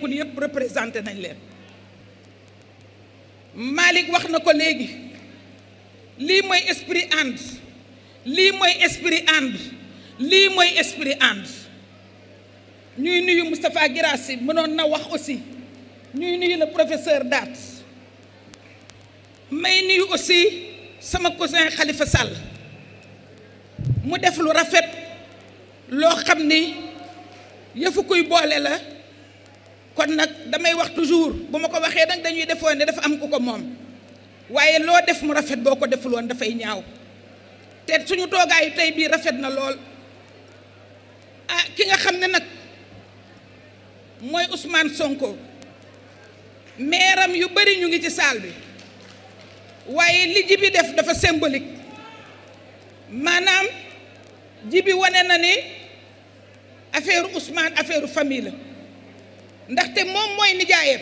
kun yëpp représenté nañ leen Malick wax na ko léegi lii mooy esprit ànd lii mooy esprit ànd lii mooy esprit ànd ñuy nuyu Moustapha Guirassy mënoon na wax aussi ñuy nuyu le professeur Daat may nuyu aussi sama cousin Khalifa sàll mu def lu rafet loo xam ni yëfu kuy boole la kon nag damay wax toujours bu ma ko waxee nag dañuy defoon ne dafa am ku ko moom waaye loo def mu rafet boo ko defuloon dafay ñaaw te suñu toogaayu tey bii rafet na lool ah ki nga xam ne nag mooy Ousmane Sonko meeram yu bari ñu ngi ci saal bi. waaye li ji def dafa symbolique maanaam ji bi wane na ne affaire Ousmane affaire famille la ndaxte moom mooy nijaayam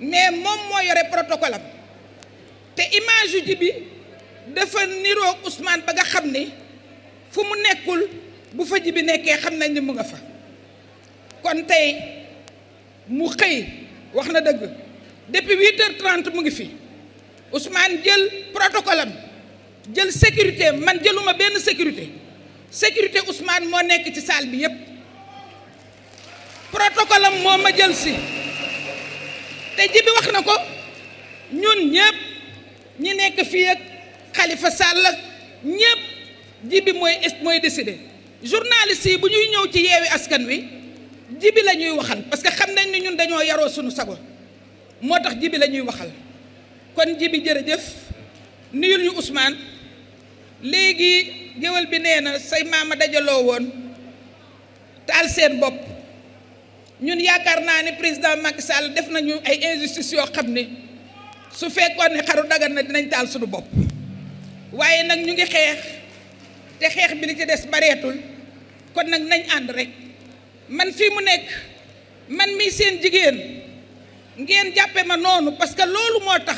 mais moom moo yore protocole te image yu ji bi dafa niroog Ousmane ba nga xam ni fu mu nekkul bu fa ji bi nekkee xam nañ ni mu nga fa kon tey mu xëy wax na dëgg depuis huit heures trente mu ngi fi. Ousmane jël protocole am jël sécurité man jëluma benn sécurité sécurité Ousmane moo nekk ci salle bi yépp protocole am moo ma jël si te jibi wax na ko ñun ñëpp ñi nekk fii ak Khalifa Sall ak ñëpp jibi mooy mooy décidé journaliste yi bu ñuy ñëw ci yeewi askan wi jibi la ñuy waxal parce que xam nañ ni ñun dañoo yaroo suñu sago moo tax jibi la ñuy waxal kon jibi jërëjëf nuyul ñu usman legi gewal bi neena say mama dajalo won tal seen bop ñun yaakar na ne président Macky Sall def nañu ay injustice yo xam su fekkone ni xaru dagan na dinañ tal suñu bop waye nak ñu ngi xex te xex bi li ci des baretul kon nak nañ and rek man fi mu nek man mi seen jigen ngeen jàppe ma noonu parce que lolu mo tax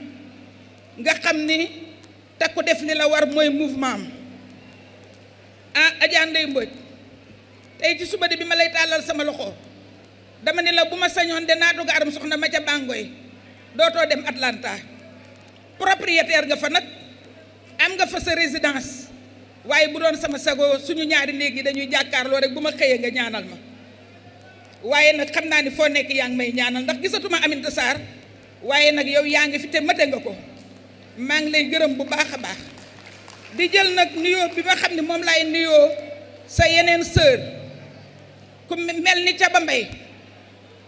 nga xam ni takku def li la war mooy mouvement am ah Adja Ndeye Mbodj tey ci suba de bi ma lay tàllal sama loxo dama ne la bu ma sañoon de naa dugg aram soxna ma ca Bangoy dootoo dem Atlanta propriétaire nga fa nag am nga fa sa résidence waaye bu doon sama sago suñu ñaari néeg yi dañuy jàkkaarloo rek bu ma xëyee nga ñaanal ma waaye nag xam naa ni foo nekk yaa ngi may ñaanal ndax gisatuma Aminata Sarr waaye nag yow yaa ngi fi te mate nga ko maa ngi lay gërëm bu baax a baax di jël nag nuyoo bi nga xam ne moom laay nuyoo sa yeneen sœur ku mel ni Caba Mbay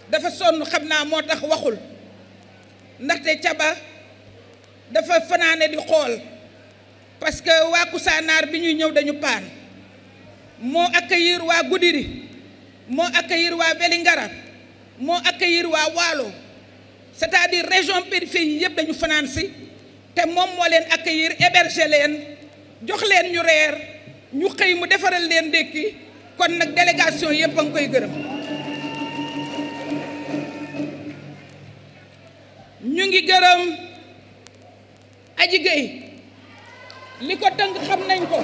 dafa sonn xam naa moo tax waxul ndaxte Caba dafa fanaane di xool parce que waa Kousanaar bi ñuy ñëw dañu paan moo accueillir waa Goudiri moo accueillir waa Vélingara moo accueillir waa Waalo c'est-à-dire région périphérique yi yëpp dañu fanaan si te moom moo leen accueillir héberger leen jox leen ñu reer ñu xëy mu defaral leen ndékki kon nag délégation yëpp a ngi koy gërëm ñu ngi gërëm aji géey li ko tënk xam nañ ko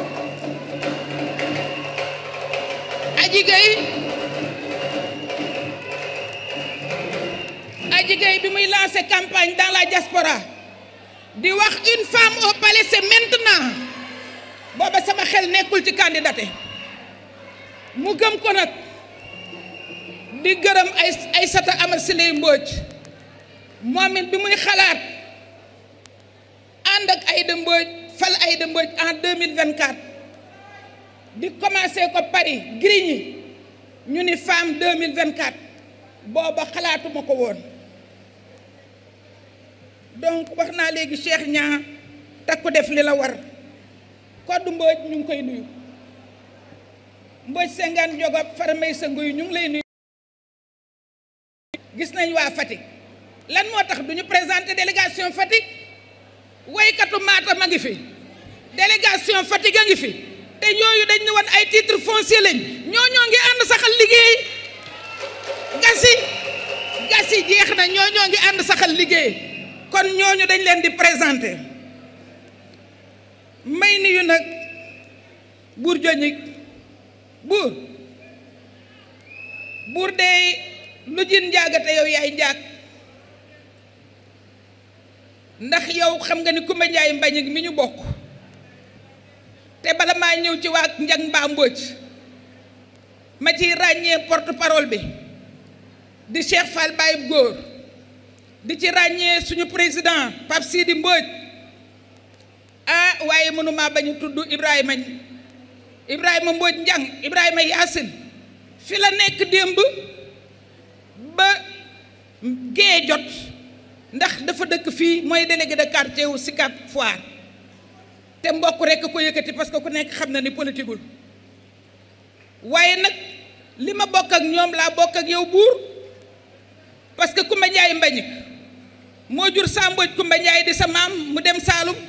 aji géey aji géey bi muy lancé campagne dans la di wax une femme au palais c'est maintenant booba sama xel nekkul ci candidaté mu gëm ko nag di gërëm ay ay sata amal si lay mbóoj moom it bi muy xalaat ànd ak Aïda Mbodj fal Aïda Mbodj en 2024 di commencé ko Paris Grigny ñu ni femme 2024 booba xalaatuma ko woon donc waxna naa Cheikh nya takku def lila la war ko du ñu ñung koy nuyu Mbodj sengane jogop Faramay Sango yu ñu lay nuyu gis nañ wa fatik lan mo tax duñu présenter délégation fatik way Matam a ngi fi délégation fatik nga ngi fi te ñoyu dañ ne won ay titre foncier lañ ñoo ñoo ngi ànd saxal liggéey gasi gasi jeex na ñoo ñoo ngi ànd saxal liggéey kon ñooñu dañ leen di présenter may nuyu nag buur joñik buur buur dey lu jin njaagate yow yaay njaag ndax yow xam nga ni Kumba Njaay Mbañik mi ñu bokk te bala maa ñëw ci waa njag mbaa mbóoj ma ciy ràññee porte parole bi di Cheikh Fall Baye góor di ci ràññee suñu président Pape Sidi Mbodj ah waaye mënuma bañ a tudd Ibrahima Ibrahima Mbodj Njang Ibrahima Yacine fi la nekk démb ba gée jot ndax dafa dëkk fii mooy délégué de quartier wu Sicap Foire te mbokk rekk ko yëkkati parce que ku nekk xam na ni politiqueul waaye nag li ma bokk ak ñoom laa bokk ak yow buur parce que ku ma jaay mbañik moo jur Samboj Kumba Njaay di sa maam mu dem Saalum